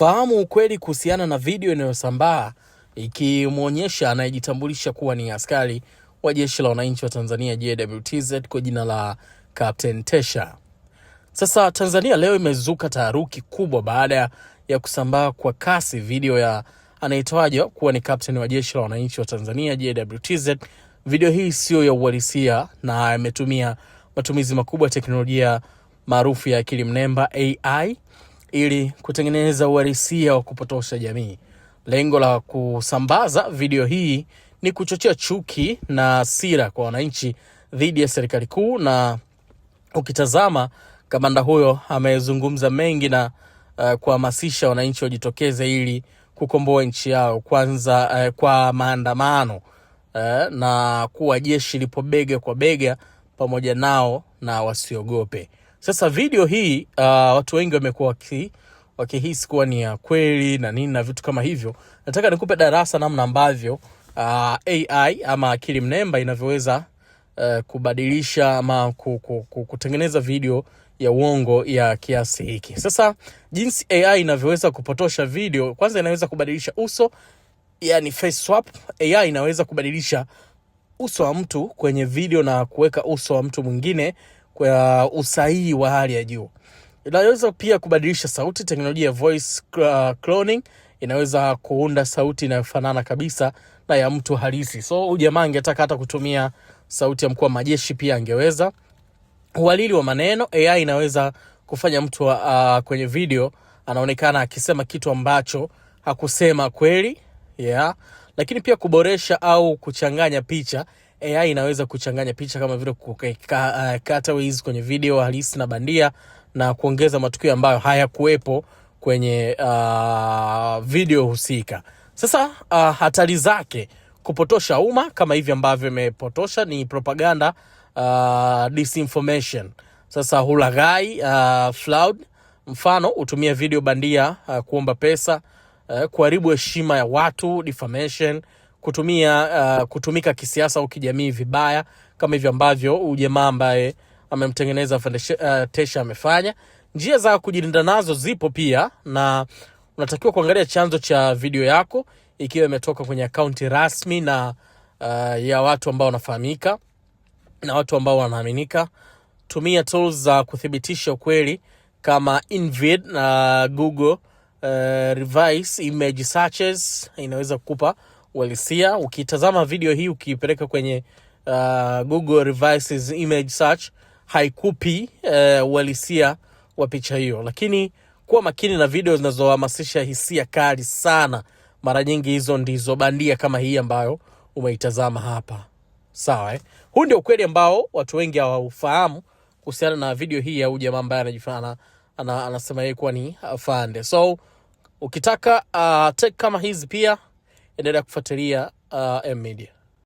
Fahamu ukweli kuhusiana na video inayosambaa ikimwonyesha anayejitambulisha kuwa ni askari wa Jeshi la Wananchi wa Tanzania JWTZ kwa jina la Captain Tesha. Sasa Tanzania leo imezuka taharuki kubwa baada ya kusambaa kwa kasi video ya anayetajwa kuwa ni captain wa Jeshi la Wananchi wa Tanzania JWTZ. Video hii siyo ya uhalisia na imetumia matumizi makubwa ya teknolojia maarufu ya akili mnemba AI ili kutengeneza uhalisia wa kupotosha jamii. Lengo la kusambaza video hii ni kuchochea chuki na hasira kwa wananchi dhidi ya serikali kuu, na ukitazama kamanda huyo amezungumza mengi na uh, kuhamasisha wananchi wajitokeze ili kukomboa nchi yao kwanza, uh, kwa maandamano uh, na kuwa jeshi lipo bega kwa bega pamoja nao na wasiogope. Sasa video hii uh, watu wengi wamekuwa waki wakihisi kuwa ni ya kweli na nini na vitu kama hivyo. Nataka nikupe darasa namna ambavyo uh, AI ama akili mnemba inavyoweza uh, kubadilisha ama kutengeneza video ya uongo ya kiasi hiki. Sasa jinsi AI inavyoweza kupotosha video, kwanza inaweza kubadilisha uso, yani face swap. AI inaweza kubadilisha uso wa mtu kwenye video na kuweka uso wa mtu mwingine kwa usahihi wa hali ya juu. Inaweza pia kubadilisha sauti. Teknolojia ya voice uh, cloning inaweza kuunda sauti inayofanana kabisa na ya mtu halisi. So huyu jamaa angetaka hata kutumia sauti ya mkuu wa majeshi pia angeweza. Uhalili wa maneno, AI inaweza kufanya mtu uh, kwenye video anaonekana akisema kitu ambacho hakusema kweli, yeah. Lakini pia kuboresha au kuchanganya picha AI inaweza kuchanganya picha kama vile uh, cutaways kwenye video halisi na bandia na kuongeza matukio ambayo hayakuwepo kwenye uh, video husika. Sasa uh, hatari zake kupotosha umma kama hivi ambavyo imepotosha ni propaganda uh, disinformation. Sasa hulaghai uh, fraud, mfano utumia video bandia uh, kuomba pesa uh, kuharibu heshima ya watu defamation kutumia uh, kutumika kisiasa au kijamii vibaya kama hivyo ambavyo ujemaa ambaye amemtengeneza uh, Tesha amefanya. Njia za kujilinda nazo zipo pia, na unatakiwa kuangalia chanzo cha video yako ikiwa imetoka kwenye akaunti rasmi na uh, ya watu ambao wanafahamika na watu ambao wanaaminika. Tumia tools za kuthibitisha ukweli kama Invid na Google uh, revise image searches inaweza kukupa uhalisia. Ukitazama video hii ukiipeleka kwenye uh, Google Revises image search haikupi uh, uhalisia wa picha hiyo, lakini kuwa makini na video zinazohamasisha hisia kali sana. Mara nyingi hizo ndizo bandia kama hii ambayo umeitazama hapa, sawa eh? Huu ndio ukweli ambao watu wengi hawaufahamu kuhusiana na video hii ya huyu jamaa ambaye ana, anasema yeye kuwa ni afande. So ukitaka uh, take kama hizi pia endelea kufuatilia uh, M Media.